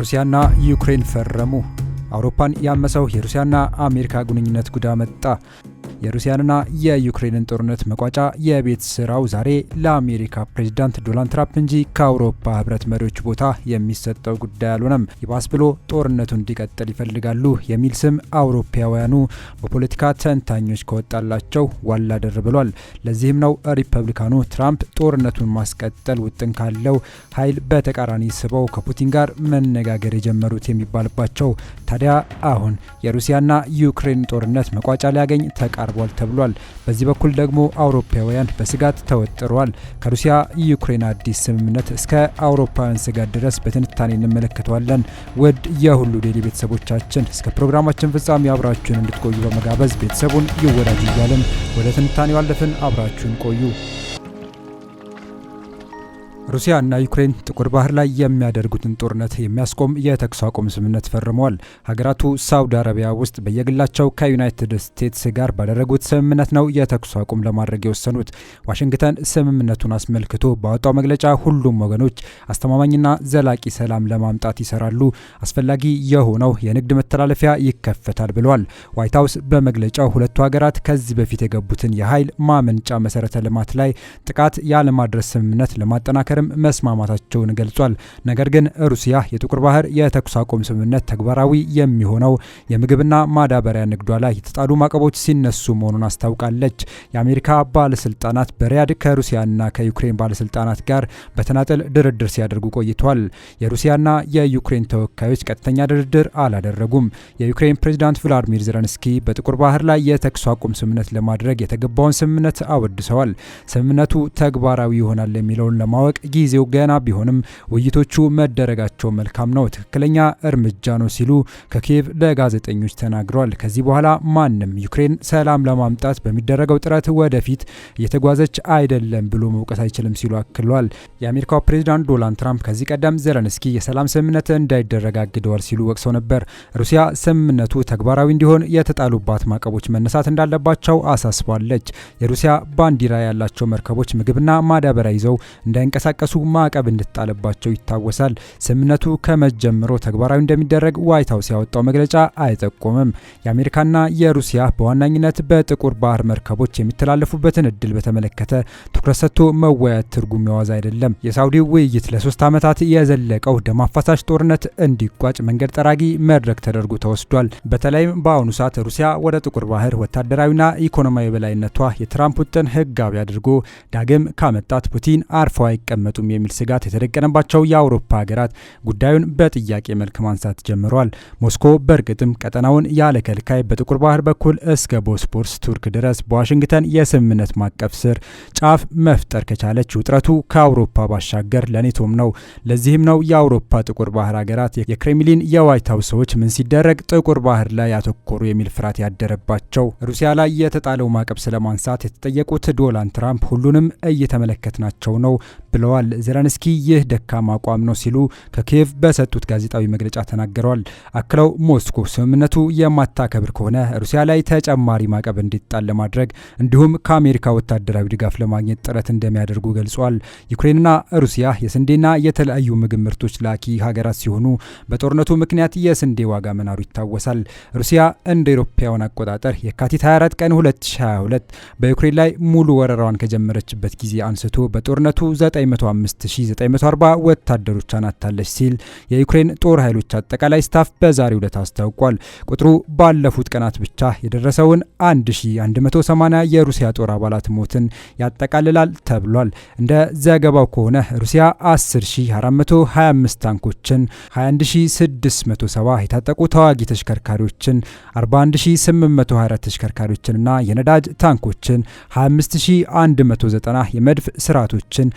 ሩሲያና ዩክሬን ፈረሙ። አውሮፓን ያመሰው የሩሲያና አሜሪካ ግንኙነት ጉዳ መጣ። የሩሲያንና የዩክሬንን ጦርነት መቋጫ የቤት ስራው ዛሬ ለአሜሪካ ፕሬዚዳንት ዶናልድ ትራምፕ እንጂ ከአውሮፓ ህብረት መሪዎች ቦታ የሚሰጠው ጉዳይ አልሆነም። ይባስ ብሎ ጦርነቱ እንዲቀጥል ይፈልጋሉ የሚል ስም አውሮፓውያኑ በፖለቲካ ተንታኞች ከወጣላቸው ዋላ ደር ብሏል። ለዚህም ነው ሪፐብሊካኑ ትራምፕ ጦርነቱን ማስቀጠል ውጥን ካለው ኃይል በተቃራኒ ስበው ከፑቲን ጋር መነጋገር የጀመሩት የሚባልባቸው። ታዲያ አሁን የሩሲያና ዩክሬን ጦርነት መቋጫ ሊያገኝ ተቃ ተቃርቧል ተብሏል። በዚህ በኩል ደግሞ አውሮፓውያን በስጋት ተወጥረዋል። ከሩሲያ ዩክሬን አዲስ ስምምነት እስከ አውሮፓውያን ስጋት ድረስ በትንታኔ እንመለከተዋለን። ውድ የሁሉ ዴይሊ ቤተሰቦቻችን እስከ ፕሮግራማችን ፍጻሜ አብራችሁን እንድትቆዩ በመጋበዝ ቤተሰቡን ይወዳጅ እያልን ወደ ትንታኔው አለፍን። አብራችሁን ቆዩ። ሩሲያ እና ዩክሬን ጥቁር ባህር ላይ የሚያደርጉትን ጦርነት የሚያስቆም የተኩስ አቁም ስምምነት ፈርመዋል። ሀገራቱ ሳውዲ አረቢያ ውስጥ በየግላቸው ከዩናይትድ ስቴትስ ጋር ባደረጉት ስምምነት ነው የተኩስ አቁም ለማድረግ የወሰኑት። ዋሽንግተን ስምምነቱን አስመልክቶ ባወጣው መግለጫ ሁሉም ወገኖች አስተማማኝና ዘላቂ ሰላም ለማምጣት ይሰራሉ፣ አስፈላጊ የሆነው የንግድ መተላለፊያ ይከፈታል ብለዋል። ዋይት ሀውስ በመግለጫው ሁለቱ ሀገራት ከዚህ በፊት የገቡትን የኃይል ማመንጫ መሰረተ ልማት ላይ ጥቃት ያለማድረስ ስምምነት ለማጠናከር ለማጠናከርም መስማማታቸውን ገልጿል። ነገር ግን ሩሲያ የጥቁር ባህር የተኩስ አቁም ስምምነት ተግባራዊ የሚሆነው የምግብና ማዳበሪያ ንግዷ ላይ የተጣሉ ማዕቀቦች ሲነሱ መሆኑን አስታውቃለች። የአሜሪካ ባለስልጣናት በሪያድ ከሩሲያና ከዩክሬን ባለስልጣናት ጋር በተናጠል ድርድር ሲያደርጉ ቆይቷል። የሩሲያና የዩክሬን ተወካዮች ቀጥተኛ ድርድር አላደረጉም። የዩክሬን ፕሬዚዳንት ቭላዲሚር ዘለንስኪ በጥቁር ባህር ላይ የተኩስ አቁም ስምምነት ለማድረግ የተገባውን ስምምነት አወድሰዋል። ስምምነቱ ተግባራዊ ይሆናል የሚለውን ለማወቅ ጊዜው ገና ቢሆንም ውይይቶቹ መደረጋቸው መልካም ነው፣ ትክክለኛ እርምጃ ነው ሲሉ ከኪየቭ ለጋዜጠኞች ተናግረዋል። ከዚህ በኋላ ማንም ዩክሬን ሰላም ለማምጣት በሚደረገው ጥረት ወደፊት እየተጓዘች አይደለም ብሎ መውቀስ አይችልም ሲሉ አክሏል። የአሜሪካው ፕሬዚዳንት ዶናልድ ትራምፕ ከዚህ ቀደም ዘለንስኪ የሰላም ስምምነት እንዳይደረግ አግደዋል ሲሉ ወቅሰው ነበር። ሩሲያ ስምምነቱ ተግባራዊ እንዲሆን የተጣሉባት ማዕቀቦች መነሳት እንዳለባቸው አሳስባለች። የሩሲያ ባንዲራ ያላቸው መርከቦች ምግብና ማዳበሪያ ይዘው እንዳይንቀሳቀ እንዳይንቀሳቀሱ ማዕቀብ እንድትጣለባቸው ይታወሳል። ስምምነቱ ከመጀመሩ ተግባራዊ እንደሚደረግ ዋይት ሀውስ ያወጣው መግለጫ አይጠቁምም። የአሜሪካና የሩሲያ በዋናኝነት በጥቁር ባህር መርከቦች የሚተላለፉበትን እድል በተመለከተ ትኩረት ሰጥቶ መወያየት ትርጉም የዋዝ አይደለም። የሳውዲው ውይይት ለሶስት ዓመታት የዘለቀው ደም አፋሳሽ ጦርነት እንዲቋጭ መንገድ ጠራጊ መድረክ ተደርጎ ተወስዷል። በተለይም በአሁኑ ሰዓት ሩሲያ ወደ ጥቁር ባህር ወታደራዊና ኢኮኖሚያዊ በላይነቷ የትራምፕ ውጥን ህጋዊ አድርጎ ዳግም ካመጣት ፑቲን አርፎ አይቀመ አይደመጡም የሚል ስጋት የተደቀነባቸው የአውሮፓ ሀገራት ጉዳዩን በጥያቄ መልክ ማንሳት ጀምረዋል። ሞስኮ በእርግጥም ቀጠናውን ያለ ከልካይ በጥቁር ባህር በኩል እስከ ቦስፖርስ ቱርክ ድረስ በዋሽንግተን የስምምነት ማቀፍ ስር ጫፍ መፍጠር ከቻለች ውጥረቱ ከአውሮፓ ባሻገር ለኔቶም ነው። ለዚህም ነው የአውሮፓ ጥቁር ባህር ሀገራት የክሬምሊን የዋይት ሀውስ ሰዎች ምን ሲደረግ ጥቁር ባህር ላይ ያተኮሩ የሚል ፍርሃት ያደረባቸው። ሩሲያ ላይ የተጣለው ማዕቀብ ስለማንሳት የተጠየቁት ዶናልድ ትራምፕ ሁሉንም እየተመለከትናቸው ነው ብለዋል። ተናግረዋል። ዜላንስኪ ይህ ደካማ አቋም ነው ሲሉ ከኪየቭ በሰጡት ጋዜጣዊ መግለጫ ተናግረዋል። አክለው ሞስኮ ስምምነቱ የማታከብር ከሆነ ሩሲያ ላይ ተጨማሪ ማዕቀብ እንዲጣል ለማድረግ እንዲሁም ከአሜሪካ ወታደራዊ ድጋፍ ለማግኘት ጥረት እንደሚያደርጉ ገልጿል። ዩክሬንና ሩሲያ የስንዴና የተለያዩ ምግብ ምርቶች ላኪ ሀገራት ሲሆኑ በጦርነቱ ምክንያት የስንዴ ዋጋ መናሩ ይታወሳል። ሩሲያ እንደ አውሮፓውያን አቆጣጠር የካቲት 24 ቀን 2022 በዩክሬን ላይ ሙሉ ወረራዋን ከጀመረችበት ጊዜ አንስቶ በጦርነቱ 9 105940 ወታደሮች አናታለች ሲል የዩክሬን ጦር ኃይሎች አጠቃላይ ስታፍ በዛሬው ዕለት አስታውቋል። ቁጥሩ ባለፉት ቀናት ብቻ የደረሰውን 1180 የሩሲያ ጦር አባላት ሞትን ያጠቃልላል ተብሏል። እንደ ዘገባው ከሆነ ሩሲያ 10425 ታንኮችን፣ 21670 የታጠቁ ተዋጊ ተሽከርካሪዎችን፣ 41824 ተሽከርካሪዎችንና የነዳጅ ታንኮችን 25190 የመድፍ ስርዓቶችን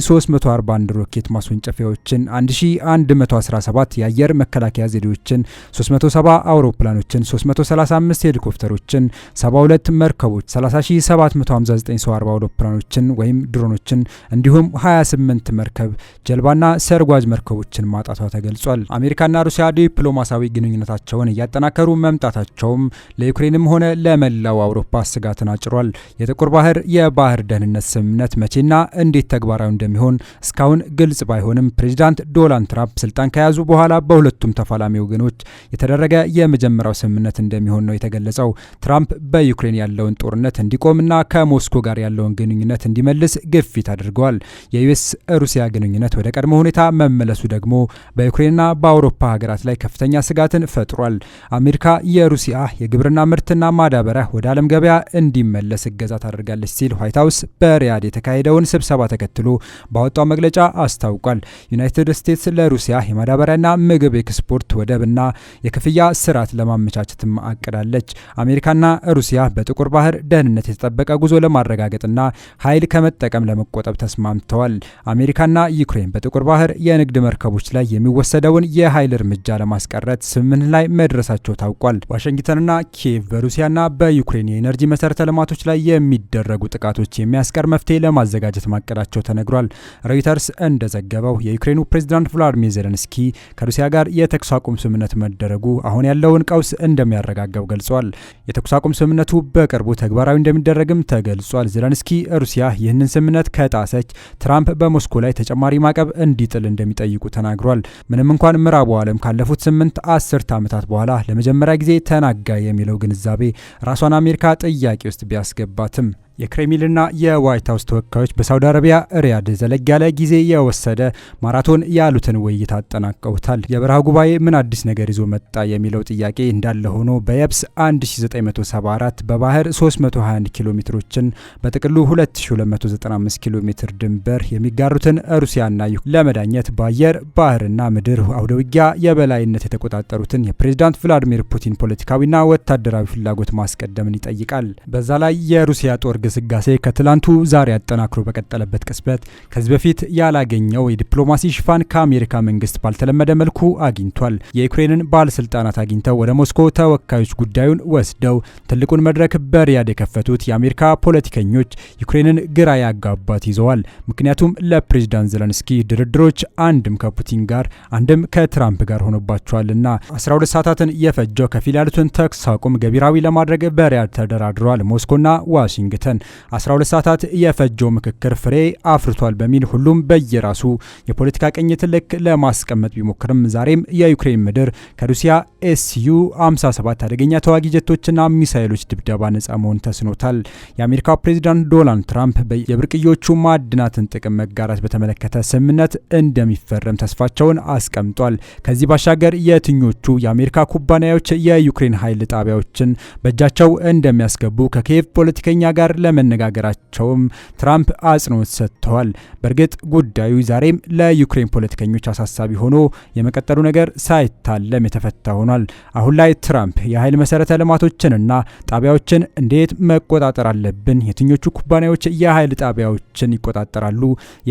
1341 ሮኬት ማስወንጨፊያዎችን፣ 1117 የአየር መከላከያ ዘዴዎችን፣ 370 አውሮፕላኖችን፣ 335 ሄሊኮፕተሮችን፣ 72 መርከቦች፣ 30759 ሰው አልባ አውሮፕላኖችን ወይም ድሮኖችን እንዲሁም 28 መርከብ ጀልባና ሰርጓጅ መርከቦችን ማጣቷ ተገልጿል። አሜሪካና ሩሲያ ዲፕሎማሲያዊ ግንኙነታቸውን እያጠናከሩ መምጣታቸውም ለዩክሬንም ሆነ ለመላው አውሮፓ ስጋትን አጭሯል። የጥቁር ባህር የባህር ደህንነት ስምምነት መቼና እንዴት ተግባራዊ እንደ እንደሚሆን እስካሁን ግልጽ ባይሆንም ፕሬዚዳንት ዶናልድ ትራምፕ ስልጣን ከያዙ በኋላ በሁለቱም ተፋላሚ ወገኖች የተደረገ የመጀመሪያው ስምምነት እንደሚሆን ነው የተገለጸው። ትራምፕ በዩክሬን ያለውን ጦርነት እንዲቆምና ከሞስኮ ጋር ያለውን ግንኙነት እንዲመልስ ግፊት አድርገዋል። የዩኤስ ሩሲያ ግንኙነት ወደ ቀድሞ ሁኔታ መመለሱ ደግሞ በዩክሬንና በአውሮፓ ሀገራት ላይ ከፍተኛ ስጋትን ፈጥሯል። አሜሪካ የሩሲያ የግብርና ምርትና ማዳበሪያ ወደ ዓለም ገበያ እንዲመለስ እገዛ ታደርጋለች ሲል ዋይት ሀውስ በሪያድ የተካሄደውን ስብሰባ ተከትሎ ባወጣው መግለጫ አስታውቋል። ዩናይትድ ስቴትስ ለሩሲያ የማዳበሪያና ምግብ ኤክስፖርት ወደብና የክፍያ ስርዓት ለማመቻቸትም አቅዳለች። አሜሪካና ሩሲያ በጥቁር ባህር ደህንነት የተጠበቀ ጉዞ ለማረጋገጥና ኃይል ከመጠቀም ለመቆጠብ ተስማምተዋል። አሜሪካና ዩክሬን በጥቁር ባህር የንግድ መርከቦች ላይ የሚወሰደውን የኃይል እርምጃ ለማስቀረት ስምምነት ላይ መድረሳቸው ታውቋል። ዋሽንግተንና ኪየቭ በሩሲያና በዩክሬን የኤነርጂ መሰረተ ልማቶች ላይ የሚደረጉ ጥቃቶች የሚያስቀር መፍትሄ ለማዘጋጀት ማቀዳቸው ተነግሯል። ተናግሯል። ሮይተርስ እንደዘገበው የዩክሬኑ ፕሬዚዳንት ቮሎዲሚር ዜለንስኪ ከሩሲያ ጋር የተኩስ አቁም ስምምነት መደረጉ አሁን ያለውን ቀውስ እንደሚያረጋጋው ገልጿል። የተኩስ አቁም ስምምነቱ በቅርቡ ተግባራዊ እንደሚደረግም ተገልጿል። ዜለንስኪ ሩሲያ ይህንን ስምምነት ከጣሰች ትራምፕ በሞስኮ ላይ ተጨማሪ ማዕቀብ እንዲጥል እንደሚጠይቁ ተናግሯል። ምንም እንኳን ምዕራቡ ዓለም ካለፉት ስምንት አስርት ዓመታት በኋላ ለመጀመሪያ ጊዜ ተናጋ የሚለው ግንዛቤ ራሷን አሜሪካ ጥያቄ ውስጥ ቢያስገባትም የክሬምሊንና የዋይት ሀውስ ተወካዮች በሳውዲ አረቢያ ሪያድ ዘለግ ያለ ጊዜ የወሰደ ማራቶን ያሉትን ውይይት አጠናቀውታል። የበረሃ ጉባኤ ምን አዲስ ነገር ይዞ መጣ የሚለው ጥያቄ እንዳለ ሆኖ በየብስ 1974 በባህር 321 ኪሎ ሜትሮችን በጥቅሉ 2295 ኪሎ ሜትር ድንበር የሚጋሩትን ሩሲያና ዩክሬን ለመዳኘት በአየር ባህርና ምድር አውደ ውጊያ የበላይነት የተቆጣጠሩትን የፕሬዝዳንት ቭላዲሚር ፑቲን ፖለቲካዊና ወታደራዊ ፍላጎት ማስቀደምን ይጠይቃል። በዛ ላይ የሩሲያ ጦር ግስጋሴ ከትላንቱ ዛሬ አጠናክሮ በቀጠለበት ቅስበት ከዚህ በፊት ያላገኘው የዲፕሎማሲ ሽፋን ከአሜሪካ መንግስት ባልተለመደ መልኩ አግኝቷል። የዩክሬንን ባለስልጣናት አግኝተው ወደ ሞስኮ ተወካዮች ጉዳዩን ወስደው ትልቁን መድረክ በሪያድ የከፈቱት የአሜሪካ ፖለቲከኞች ዩክሬንን ግራ ያጋባት ይዘዋል። ምክንያቱም ለፕሬዚዳንት ዘለንስኪ ድርድሮች አንድም ከፑቲን ጋር አንድም ከትራምፕ ጋር ሆኖባቸዋልና 12 ሰዓታትን የፈጀው ከፊል ያሉትን ተኩስ አቁም ገቢራዊ ለማድረግ በሪያድ ተደራድረዋል ሞስኮና ዋሽንግተን። 12 ሰዓታት የፈጀው ምክክር ፍሬ አፍርቷል በሚል ሁሉም በየራሱ የፖለቲካ ቅኝት ልክ ለማስቀመጥ ቢሞክርም ዛሬም የዩክሬን ምድር ከሩሲያ ኤስዩ 57 አደገኛ ተዋጊ ጀቶችና ሚሳይሎች ድብደባ ነጻ መሆን ተስኖታል። የአሜሪካው ፕሬዚዳንት ዶናልድ ትራምፕ የብርቅዮቹ ማዕድናትን ጥቅም መጋራት በተመለከተ ስምምነት እንደሚፈረም ተስፋቸውን አስቀምጧል። ከዚህ ባሻገር የትኞቹ የአሜሪካ ኩባንያዎች የዩክሬን ኃይል ጣቢያዎችን በእጃቸው እንደሚያስገቡ ከኪየቭ ፖለቲከኛ ጋር ለመነጋገራቸውም ትራምፕ አጽንኦት ሰጥተዋል። በእርግጥ ጉዳዩ ዛሬም ለዩክሬን ፖለቲከኞች አሳሳቢ ሆኖ የመቀጠሉ ነገር ሳይታለም የተፈታ ሆኗል። አሁን ላይ ትራምፕ የኃይል መሰረተ ልማቶችንና ጣቢያዎችን እንዴት መቆጣጠር አለብን፣ የትኞቹ ኩባንያዎች የኃይል ጣቢያዎችን ይቆጣጠራሉ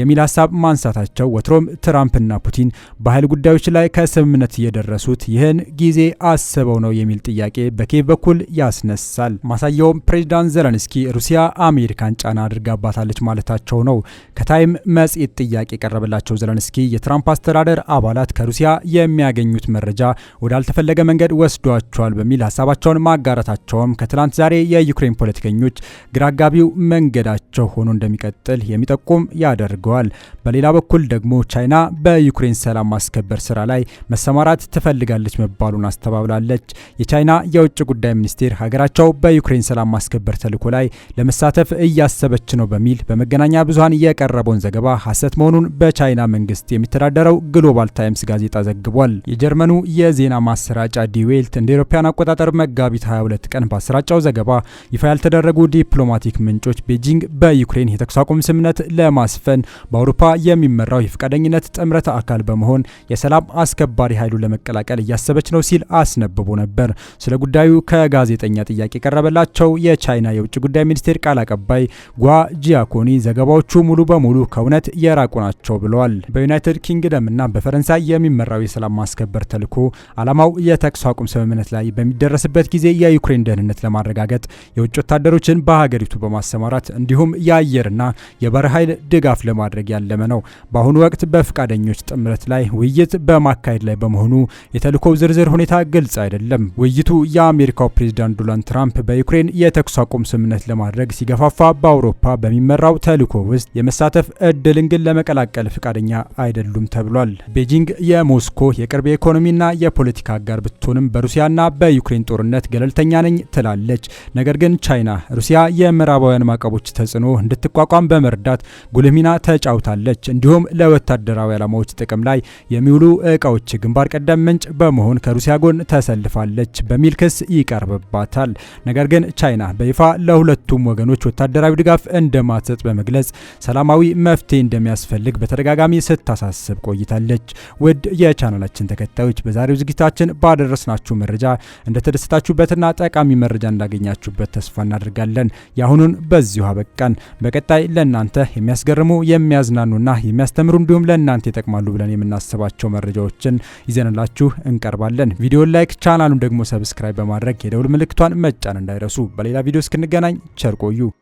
የሚል ሀሳብ ማንሳታቸው ወትሮም ትራምፕና ፑቲን በኃይል ጉዳዮች ላይ ከስምምነት የደረሱት ይህን ጊዜ አስበው ነው የሚል ጥያቄ በኬቭ በኩል ያስነሳል። ማሳያውም ፕሬዚዳንት ዘለንስኪ ሩሲያ ሩሲያ አሜሪካን ጫና አድርጋባታለች ማለታቸው ነው። ከታይም መጽሔት ጥያቄ የቀረበላቸው ዘለንስኪ የትራምፕ አስተዳደር አባላት ከሩሲያ የሚያገኙት መረጃ ወዳልተፈለገ መንገድ ወስዷቸዋል በሚል ሀሳባቸውን ማጋራታቸውም ከትላንት ዛሬ የዩክሬን ፖለቲከኞች ግራጋቢው መንገዳቸው ሆኖ እንደሚቀጥል የሚጠቁም ያደርገዋል። በሌላ በኩል ደግሞ ቻይና በዩክሬን ሰላም ማስከበር ስራ ላይ መሰማራት ትፈልጋለች መባሉን አስተባብላለች። የቻይና የውጭ ጉዳይ ሚኒስቴር ሀገራቸው በዩክሬን ሰላም ማስከበር ተልዕኮ ላይ ለ ለመሳተፍ እያሰበች ነው በሚል በመገናኛ ብዙሃን የቀረበውን ዘገባ ሐሰት መሆኑን በቻይና መንግስት የሚተዳደረው ግሎባል ታይምስ ጋዜጣ ዘግቧል። የጀርመኑ የዜና ማሰራጫ ዲዌልት እንደ አውሮፓውያን አቆጣጠር መጋቢት 22 ቀን ባሰራጫው ዘገባ ይፋ ያልተደረጉ ዲፕሎማቲክ ምንጮች ቤጂንግ በዩክሬን የተኩስ አቁም ስምምነት ለማስፈን በአውሮፓ የሚመራው የፈቃደኝነት ጥምረት አካል በመሆን የሰላም አስከባሪ ኃይሉን ለመቀላቀል እያሰበች ነው ሲል አስነብቦ ነበር። ስለ ጉዳዩ ከጋዜጠኛ ጥያቄ የቀረበላቸው የቻይና የውጭ ጉዳይ ሚኒስቴር ሚኒስቴር ቃል አቀባይ ጓ ጂያኮኒ ዘገባዎቹ ሙሉ በሙሉ ከእውነት የራቁ ናቸው ብለዋል። በዩናይትድ ኪንግደምና በፈረንሳይ የሚመራው የሰላም ማስከበር ተልዕኮ ዓላማው የተኩስ አቁም ስምምነት ላይ በሚደረስበት ጊዜ የዩክሬን ደህንነት ለማረጋገጥ የውጭ ወታደሮችን በሀገሪቱ በማሰማራት እንዲሁም የአየርና የባህር ኃይል ድጋፍ ለማድረግ ያለመ ነው። በአሁኑ ወቅት በፈቃደኞች ጥምረት ላይ ውይይት በማካሄድ ላይ በመሆኑ የተልዕኮው ዝርዝር ሁኔታ ግልጽ አይደለም። ውይይቱ የአሜሪካው ፕሬዚዳንት ዶናልድ ትራምፕ በዩክሬን የተኩስ አቁም ስምምነት ለማድረግ ለማድረግ ሲገፋፋ በአውሮፓ በሚመራው ተልዕኮ ውስጥ የመሳተፍ እድልን ግን ለመቀላቀል ፍቃደኛ አይደሉም ተብሏል። ቤጂንግ የሞስኮ የቅርብ የኢኮኖሚና የፖለቲካ አጋር ብትሆንም በሩሲያና በዩክሬን ጦርነት ገለልተኛ ነኝ ትላለች። ነገር ግን ቻይና ሩሲያ የምዕራባውያን ማዕቀቦች ተጽዕኖ እንድትቋቋም በመርዳት ጉልህ ሚና ተጫውታለች። እንዲሁም ለወታደራዊ ዓላማዎች ጥቅም ላይ የሚውሉ እቃዎች ግንባር ቀደም ምንጭ በመሆን ከሩሲያ ጎን ተሰልፋለች በሚል ክስ ይቀርብባታል። ነገር ግን ቻይና በይፋ ለሁለቱም ወገኖች ወታደራዊ ድጋፍ እንደማትሰጥ በመግለጽ ሰላማዊ መፍትሄ እንደሚያስፈልግ በተደጋጋሚ ስታሳስብ ቆይታለች። ውድ የቻናላችን ተከታዮች በዛሬው ዝግጅታችን ባደረስናችሁ መረጃ እንደተደሰታችሁበትና ጠቃሚ መረጃ እንዳገኛችሁበት ተስፋ እናደርጋለን። የአሁኑን በዚሁ አበቃን። በቀጣይ ለእናንተ የሚያስገርሙ የሚያዝናኑና የሚያስተምሩ እንዲሁም ለእናንተ ይጠቅማሉ ብለን የምናስባቸው መረጃዎችን ይዘንላችሁ እንቀርባለን። ቪዲዮን ላይክ፣ ቻናሉን ደግሞ ሰብስክራይብ በማድረግ የደውል ምልክቷን መጫን እንዳይረሱ። በሌላ ቪዲዮ እስክንገናኝ ቸርቆ for you